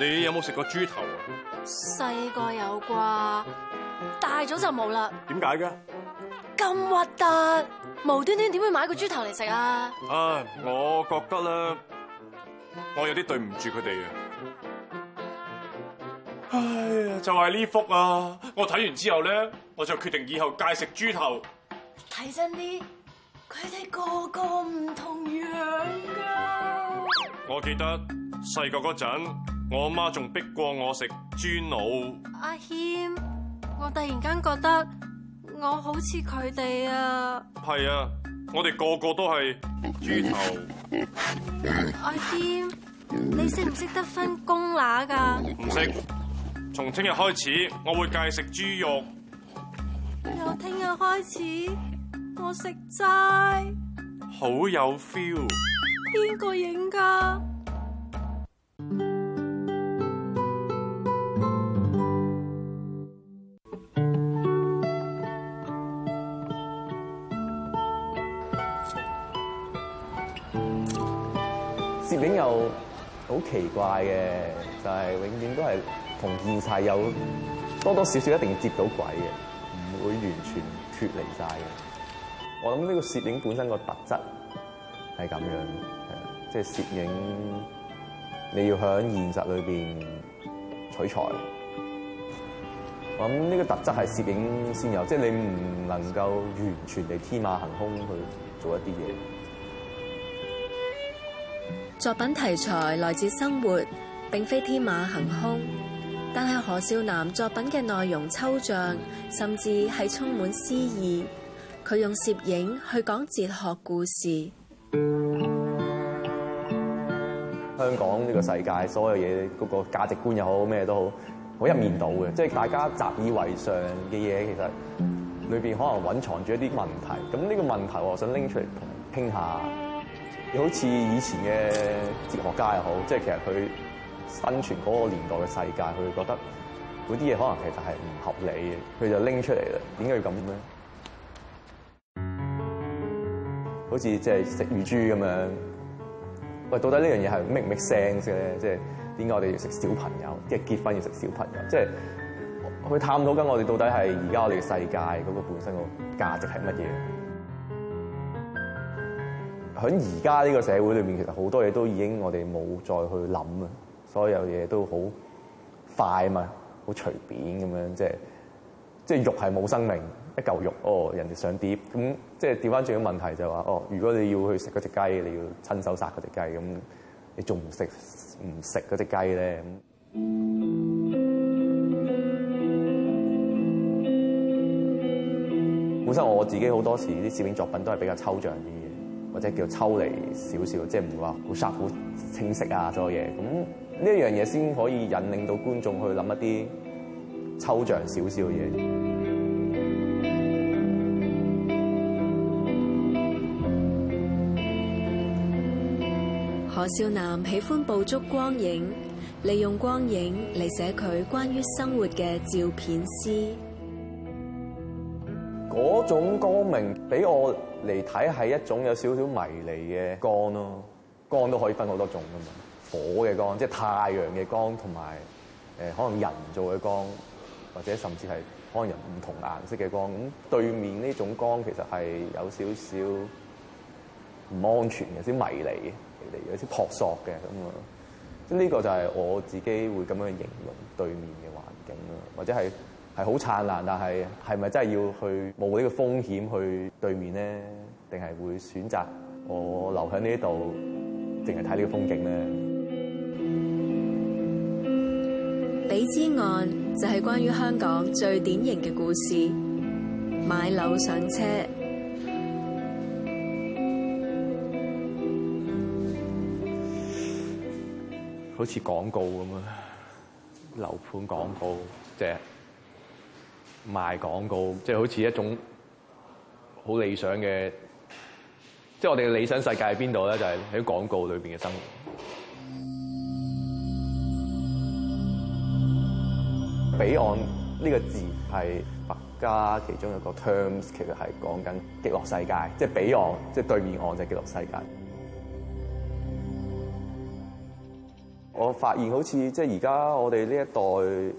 你有冇食過豬頭啊？細個有啩，大咗就冇啦。點解嘅？咁核突，無端端點會買個豬頭嚟食啊？啊，我覺得咧，我有啲對唔住佢哋啊。唉，呀，就係呢幅啊！我睇完之後咧，我就決定以後戒食豬頭看。睇真啲，佢哋個個唔同樣噶。我記得細個嗰陣。我媽仲逼過我食豬腦。阿謙，我突然間覺得我好似佢哋啊。係啊，我哋個個都係豬頭。阿謙，你識唔識得分公乸噶？唔識。從聽日開始，我會戒食豬肉。由聽日開始，我食齋。好有 feel。邊個影噶？影又好奇怪嘅，就係永遠都係同現實有多多少少一定接到軌嘅，唔會完全脫離晒嘅。我諗呢個攝影本身個特質係咁樣，即係攝影你要響現實裏邊取材。我諗呢個特質係攝影先有，即係你唔能夠完全地天馬行空去做一啲嘢。作品題材來自生活，並非天馬行空，但係何兆南作品嘅內容抽象，甚至係充滿詩意。佢用攝影去講哲學故事，香港呢個世界所有嘢，嗰個價值觀又好，咩都好，好一面倒嘅，即係大家習以為常嘅嘢，其實裏邊可能蘊藏住一啲問題。咁呢個問題，我想拎出嚟同傾下。又好似以前嘅哲學家又好，即係其實佢生存嗰個年代嘅世界，佢會覺得嗰啲嘢可能其實係唔合理嘅，佢就拎出嚟啦。點解要咁咧？好似即係食乳豬咁樣，喂，到底呢樣嘢係 make 唔 make sense 嘅咧？即係點解我哋要食小，小朋友？即係結婚要食小朋友？即係去探討緊我哋到底係而家我哋嘅世界嗰個本身個價值係乜嘢？響而家呢個社會裏面，其實好多嘢都已經我哋冇再去諗啊！所有嘢都好快啊嘛，好隨便咁樣，即係即係肉係冇生命，一嚿肉哦，人哋想碟咁，即係調翻轉嘅問題就係話哦，如果你要去食隻雞，你要親手殺隻雞，咁你仲唔食唔食隻雞咧？咁本身我自己好多時啲攝影作品都係比較抽象啲。或者叫抽離少少，即係唔會話好煞好清晰啊，所有嘢咁呢，一樣嘢先可以引領到觀眾去諗一啲抽象少少嘅嘢。何兆南喜歡捕捉光影，利用光影嚟寫佢關於生活嘅照片詩。嗰種光明俾我嚟睇係一種有少少迷離嘅光咯，光都可以分好多種噶嘛。火嘅光，即係太陽嘅光，同埋誒可能人造嘅光，或者甚至係可能人唔同顏色嘅光。咁對面呢種光其實係有少少唔安全嘅，少迷離嘅嚟嘅，少撲朔嘅咁啊。咁呢個就係我自己會咁樣形容對面嘅環境咯，或者係。係好燦爛，但係係咪真係要去冒呢個風險去對面呢？定係會選擇我留喺呢度，淨係睇呢個風景咧？彼之岸就係關於香港最典型嘅故事，買樓上車，好似廣告咁啊！樓盤廣告即係賣廣告，即係好似一種好理想嘅，即係我哋嘅理想世界喺邊度咧？就係喺廣告裏邊嘅生活。彼岸呢個字係佛家其中一個 terms，其實係講緊極樂世界，即係彼岸，即係對面岸，就係極樂世界。我發現好似即係而家我哋呢一代。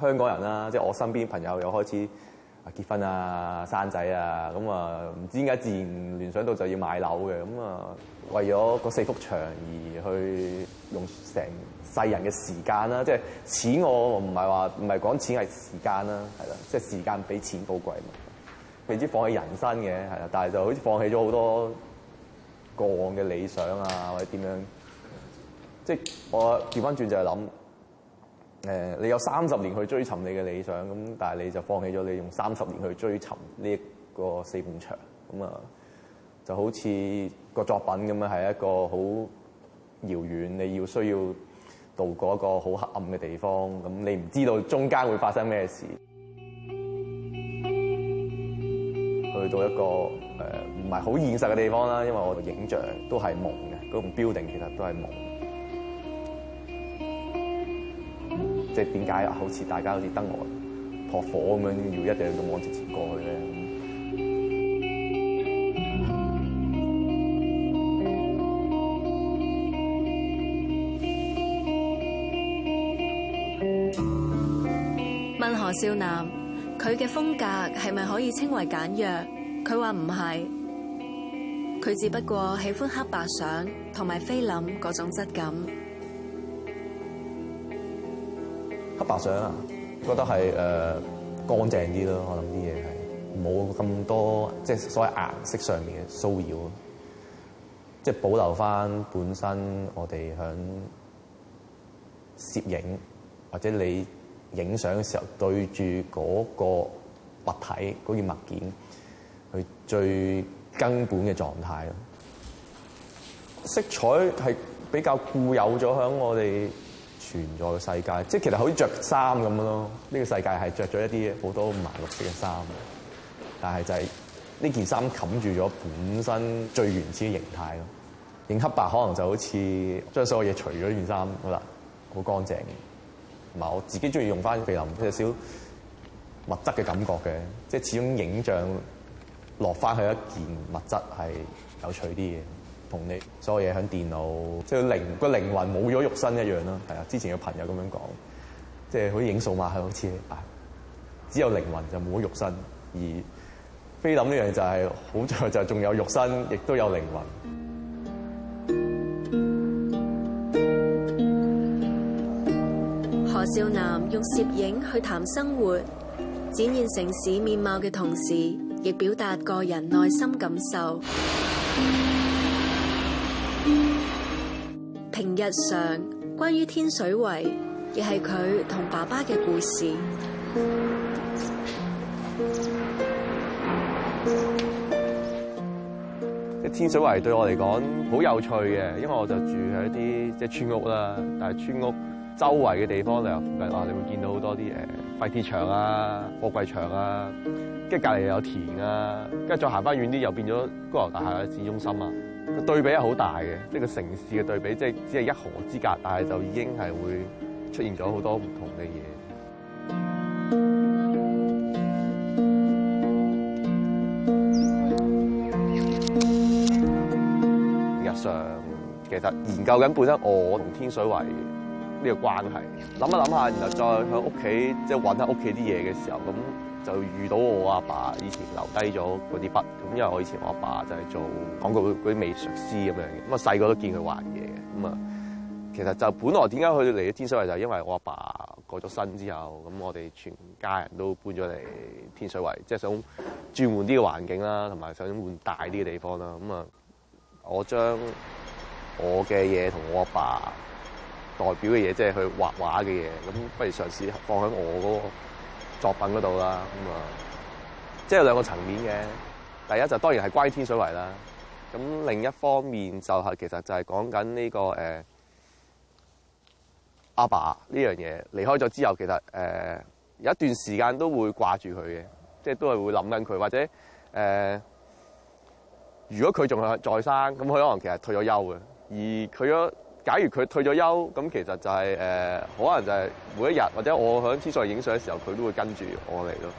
香港人啦，即係我身邊朋友又開始啊，結婚啊，生仔啊，咁啊唔知點解自然聯想到就要買樓嘅，咁啊為咗嗰四幅牆而去用成世人嘅時間啦，即係錢我唔係話唔係講錢係時間啦，係啦，即係時間比錢寶貴嘛，未知放棄人生嘅係啦，但係就好似放棄咗好多過往嘅理想啊或者點樣，即係我調翻轉就係諗。誒，你有三十年去追尋你嘅理想，咁但係你就放棄咗你用三十年去追尋呢一個四面牆，咁啊，就好似個作品咁樣，係一個好遙遠，你要需要度過一個好黑暗嘅地方，咁你唔知道中間會發生咩事，去到一個誒唔係好現實嘅地方啦，因為我哋影像都係夢嘅，嗰種 building 其實都係夢。即係點解？好似大家好似燈蛾撲火咁樣，要一定要勇往直前過去咧。問何兆南，佢嘅風格係咪可以稱為簡約？佢話唔係，佢只不過喜歡黑白相同埋菲林嗰種質感。白相啊，覺得係誒、呃、乾淨啲咯，我諗啲嘢係冇咁多即係、就是、所謂顏色上面嘅騷擾，即、就、係、是、保留翻本身我哋響攝影或者你影相嘅時候對住嗰個物體嗰件物件，佢最根本嘅狀態咯。色彩係比較固有咗喺我哋存在嘅世界，即係其實好似著衫咁樣咯。呢個世界係著咗一啲好多五顏六色嘅衫，但係就係呢件衫冚住咗本身最原始嘅形態咯。影黑白可能就好似將所有嘢除咗件衫，好啦，好乾淨唔係，我自己中意用翻肥林，有少物質嘅感覺嘅，即係始終影像落翻去一件物質係有趣啲嘅。同你所有嘢喺電腦，即係靈，個靈魂冇咗肉身一樣啦。係啊，之前有朋友咁樣講，即係好似影數碼係好似啊，只有靈魂就冇咗肉身，而菲林呢樣就係好在就仲有肉身，亦都有靈魂。何兆南用攝影去談生活，展現城市面貌嘅同時，亦表達個人內心感受。平日常關於天水圍，亦係佢同爸爸嘅故事。即天水圍對我嚟講好有趣嘅，因為我就住喺一啲即係村屋啦。但係村屋周圍嘅地方，例如附近，哇，你會見到好多啲誒廢鐵場啊、貨櫃場啊。跟住隔籬又有田啊，跟住再行翻遠啲，又變咗高樓大廈嘅市中心啊。個對比係好大嘅，即係個城市嘅對比，即係只係一河之隔，但係就已經係會出現咗好多唔同嘅嘢。日常其實研究緊本身我同天水圍呢個關係，諗一諗下，然後再喺屋企即係揾下屋企啲嘢嘅時候，咁就遇到我阿爸以前留低咗嗰啲筆。因為我以前我阿爸就係做廣告嗰啲美術師咁樣，咁啊細個都見佢畫嘢嘅。咁啊，其實就本來點解佢嚟咗天水圍就係因為我阿爸過咗身之後，咁我哋全家人都搬咗嚟天水圍，即係想轉換啲嘅環境啦，同埋想換大啲嘅地方啦。咁啊，我將我嘅嘢同我阿爸代表嘅嘢，即係去畫畫嘅嘢，咁不如嘗試放喺我嗰個作品嗰度啦。咁啊，即係兩個層面嘅。第一就當然係關天水圍啦，咁另一方面就係其實就係講緊呢個誒阿、欸、爸呢樣嘢離開咗之後，其實誒、欸、有一段時間都會掛住佢嘅，即係都係會諗緊佢，或者誒、欸、如果佢仲係在生，咁佢可能其實退咗休嘅。而佢假如佢退咗休，咁其實就係、是、誒、欸、可能就係每一日或者我喺天水圍影相嘅時候，佢都會跟住我嚟咯。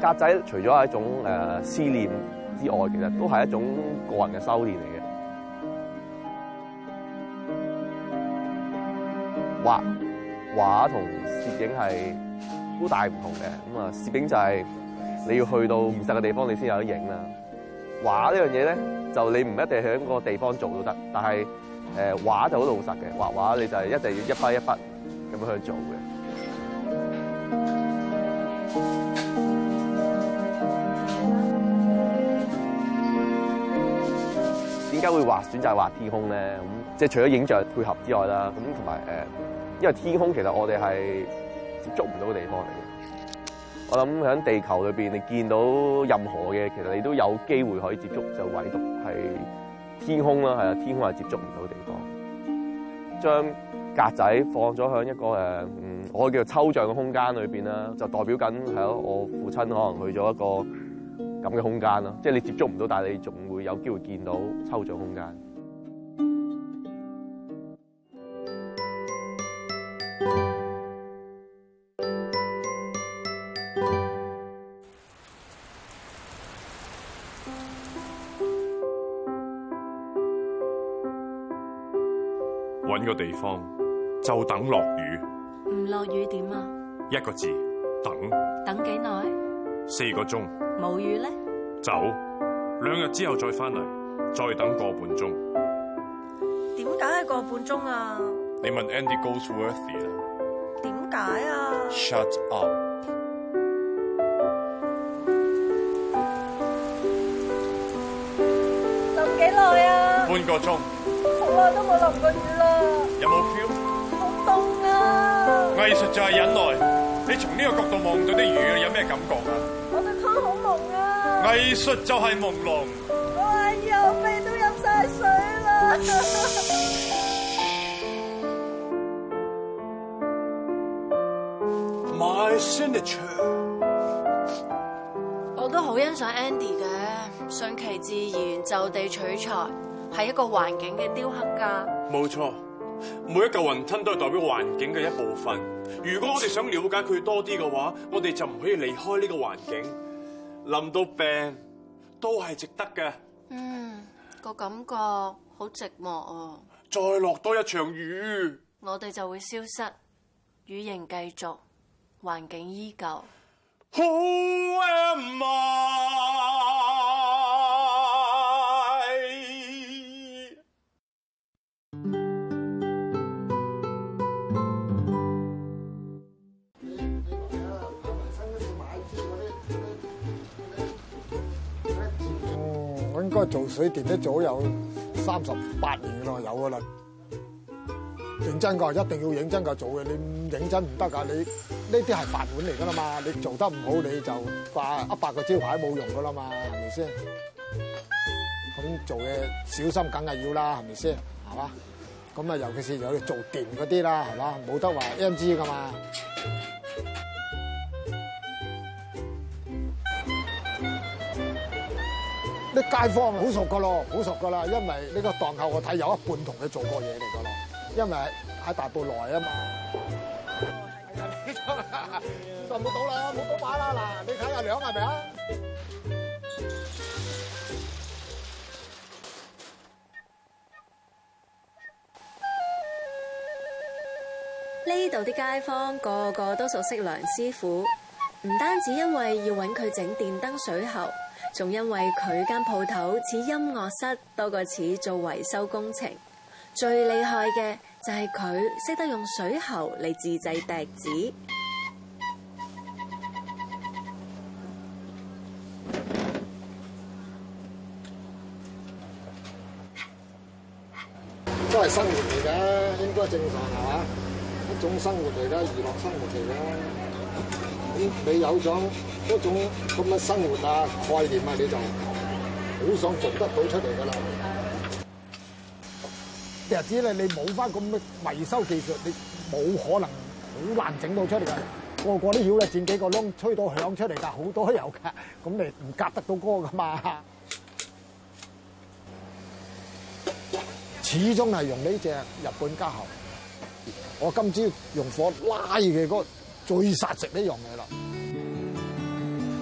格仔除咗係一種誒思念之外，其實都係一種個人嘅修煉嚟嘅。畫畫同攝影係好大唔同嘅，咁啊攝影就係你要去到現實嘅地方，你先有得影啦。畫呢樣嘢咧，就你唔一定喺個地方做都得，但係誒畫就好老實嘅，畫畫你就係一定要一筆一筆咁樣去做嘅。點解會話選擇畫天空咧？咁即係除咗影像配合之外啦，咁同埋誒，因為天空其實我哋係接觸唔到嘅地方嚟嘅。我諗喺地球裏邊，你見到任何嘅，其實你都有機會可以接觸，就唯獨係天空啦，係啊，天空係接觸唔到嘅地方。將格仔放咗喺一個誒，我叫抽象嘅空間裏邊啦，就代表緊係咯，我父親可能去咗一個。咁嘅空間咯，即係你接觸唔到，但係你仲會有機會見到抽象空間。搵個地方就等落雨，唔落雨點啊？一個字，等。等幾耐？四個鐘，冇雨咧，走，兩日之後再翻嚟，再等個半鐘。點解係個半鐘啊？你問 Andy Goldsworthy 啦。點解啊？Shut up。淋幾耐啊？半個鐘。好耐都冇淋過雨啦。有冇 feel？好凍啊！藝術就係忍耐。你從呢個角度望到啲雨，有咩感覺啊？藝術就係朦朧。我眼又鼻都飲晒水啦。My signature。我都好欣賞 Andy 嘅，順其自然，就地取材，係一個環境嘅雕刻家。冇錯，每一嚿雲吞都係代表環境嘅一部分。如果我哋想了解佢多啲嘅話，我哋就唔可以離開呢個環境。淋到病都係值得嘅。嗯，個感覺好寂寞啊。再落多一場雨，我哋就會消失。雨仍繼續，環境依舊。好。應該做水電都早有三十八年嘅咯，有噶啦。認真噶，一定要認真噶做嘅。你唔認真唔得噶，你呢啲係飯碗嚟噶啦嘛。你做得唔好，你就掛一百個招牌冇用噶啦嘛，係咪先？咁做嘢小心梗係要啦，係咪先？係嘛？咁啊，尤其是又要做電嗰啲啦，係嘛？冇得話 M G 噶嘛。啲街坊好熟噶咯，好熟噶啦，因為呢個檔口我睇有一半同佢做過嘢嚟噶咯，因為喺大埔來啊嘛。哎呀，呢張就到啦，冇到擺啦。嗱，你睇下梁係咪啊？呢度啲街坊個個都熟悉梁師傅，唔單止因為要揾佢整電燈水喉。仲因為佢間鋪頭似音樂室多過似做維修工程，最厲害嘅就係佢識得用水喉嚟自製笛子，都係生活嚟嘅，應該正常係嘛？一種生活嚟嘅，娛樂生活嚟嘅。咁你有咗嗰種咁嘅生活啊概念啊，你就好想做得到出嚟噶啦。日子只要你你冇翻咁嘅維修技術，你冇可能好難整到出嚟噶。個個都曉啦，鑽幾個窿，吹到響出嚟噶，好多有噶。咁你唔夾得到個噶嘛？始終係用呢隻日本家喉。我今朝用火拉佢嗰。最殺食呢樣嘢咯！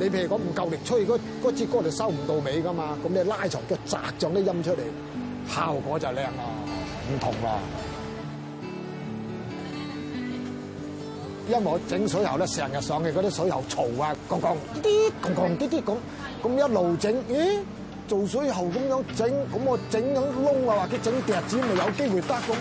你譬如講唔夠力吹，嗰嗰支竿就收唔到尾噶嘛，咁你拉長腳砸將啲音出嚟，效果就靚咯，唔同啦！因為我整水喉咧，成日上嘅嗰啲水喉嘈啊，啲啲啲啲，啲啲咁咁一路整，咦？做水喉咁樣整，咁我整緊窿啊，或者整笛子咪有機會得咁？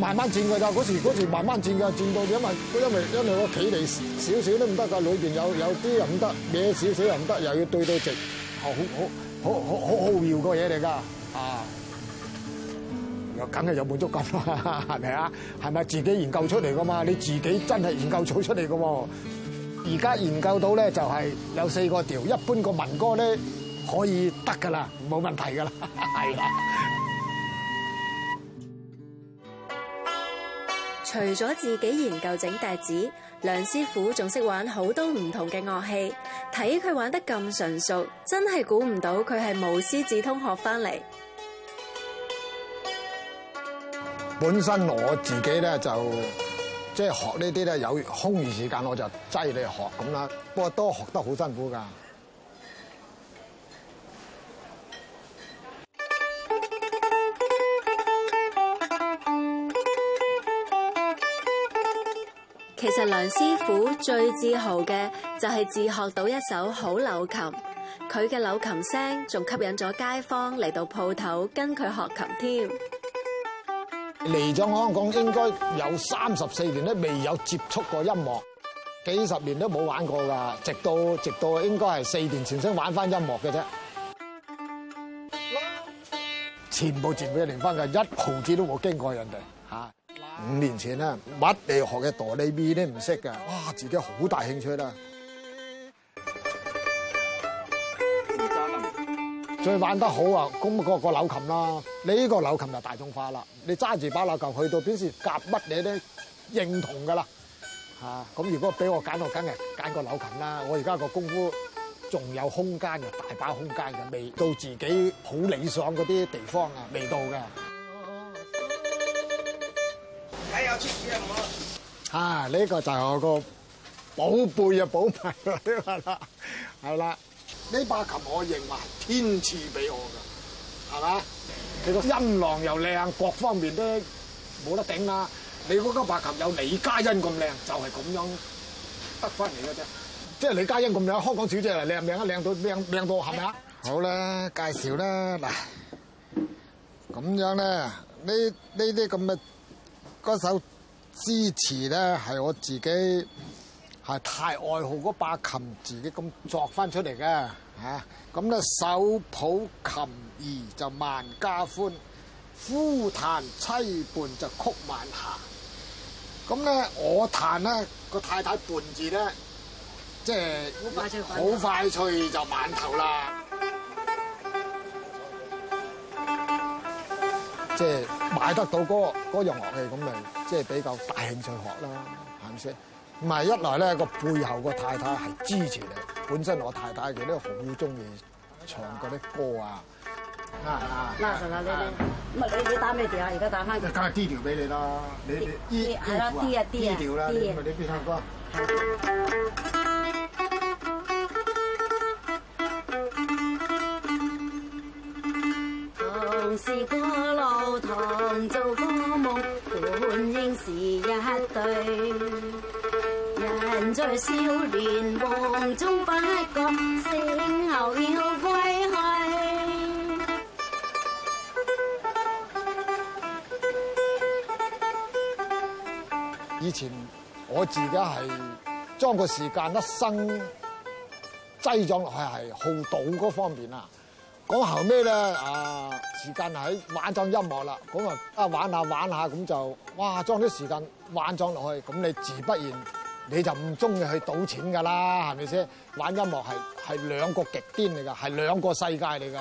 慢慢轉噶咋？嗰時嗰時慢慢轉噶，轉到因為因為因為我企離少少都唔得噶，裏邊有有啲又唔得，歪少少又唔得，又要對到直，好好好好好妙個嘢嚟噶啊！又梗係有滿足感啦，係咪啊？係咪自己研究出嚟噶嘛？你自己真係研究咗出嚟噶喎！而家研究到咧就係有四個調，一般個民歌咧可以得噶啦，冇問題噶啦，係啦。 除咗自己研究整笛子，梁師傅仲識玩好多唔同嘅樂器。睇佢玩得咁純熟，真係估唔到佢係無師自通學返嚟。本身我自己咧就即係、就是、學呢啲咧，有空餘時間我就擠嚟學咁啦。不過都學得好辛苦噶。其實梁師傅最自豪嘅就係自學到一手好柳琴，佢嘅柳琴聲仲吸引咗街坊嚟到鋪頭跟佢學琴添。嚟咗香港應該有三十四年都未有接觸過音樂，幾十年都冇玩過噶，直到直到應該係四年前先玩翻音樂嘅啫。全部全部連翻嘅，一毫子都冇經過人哋。五年前咧，乜嘢學嘅哆唻咪都唔識嘅，哇！自己好大興趣啦。最玩得好啊，咁個柳琴你呢個扭琴啦，呢個扭琴就大眾化啦。你揸住把扭琴去到邊時夾乜嘢都認同噶啦。嚇、啊，咁如果俾我揀，我梗係揀個扭琴啦。我而家個功夫仲有空間嘅，大把空間嘅，未到自己好理想嗰啲地方啊，未到嘅。啊！呢個就係我個寶貝嘅寶物啦，係啦。呢把琴我認為天賜俾我噶，係嘛？佢個音浪又靚，各方面都冇得頂啊！你嗰把琴有李嘉欣咁靚，就係咁樣得翻嚟嘅啫。即係李嘉欣咁靚，香港小姐嚟，靚唔靚啊？靚到靚靚到係咪啊？好啦，介紹啦，嗱，咁樣咧，呢呢啲咁嘅。嗰首詩詞咧，係我自己係太愛好嗰把琴，自己咁作翻出嚟嘅嚇。咁、啊、咧手抱琴兒就萬家歡，夫彈妻伴就曲晚霞。咁咧我彈咧個太太伴住咧，即係好快脆就晚頭啦。即係買得到嗰嗰樣樂器咁咪，即係比較大興趣學啦，係咪先？唔係一來咧個背後個太太係支持你，本身我太太佢都好中意唱嗰啲歌啊。嗱嗱嗱，順啦你，咁啊你你打咩調啊？而家打翻。梗係 D 調俾你啦，你你依依啲啊 D 啊 D 啊 D 啊。是過路堂做個夢，本應是一對。人在少年夢中不覺，醒，後要飛去。以前我自己係將個時間一生擠撞落去，係好賭嗰方面啊。講後尾咧啊。時間係玩咗音樂啦，咁啊，啊玩下玩下咁就，哇，將啲時間玩咗落去，咁你自不然你就唔中意去賭錢噶啦，係咪先？玩音樂係係兩個極端嚟噶，係兩個世界嚟噶。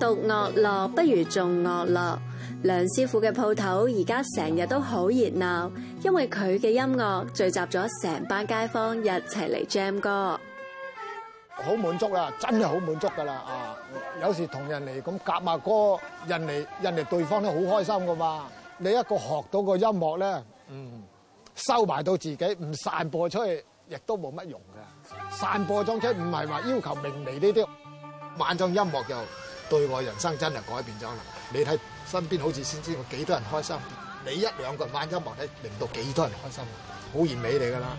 獨樂樂不如眾樂樂。梁師傅嘅鋪頭而家成日都好熱鬧，因為佢嘅音樂聚集咗成班街坊一齊嚟 jam 歌，好滿足啦，真係好滿足噶啦啊！有時同人嚟咁夾下歌，人嚟人嚟對方都好開心噶嘛。你一個學到個音樂咧，嗯，收埋到自己唔散播出去，亦都冇乜用噶。散播出去唔係話要求名利呢啲，玩種音樂就對我人生真係改變咗啦。你睇。身邊好似先知我幾多人開心，你一兩個人玩音樂咧，令到幾多人開心，好完美你㗎啦！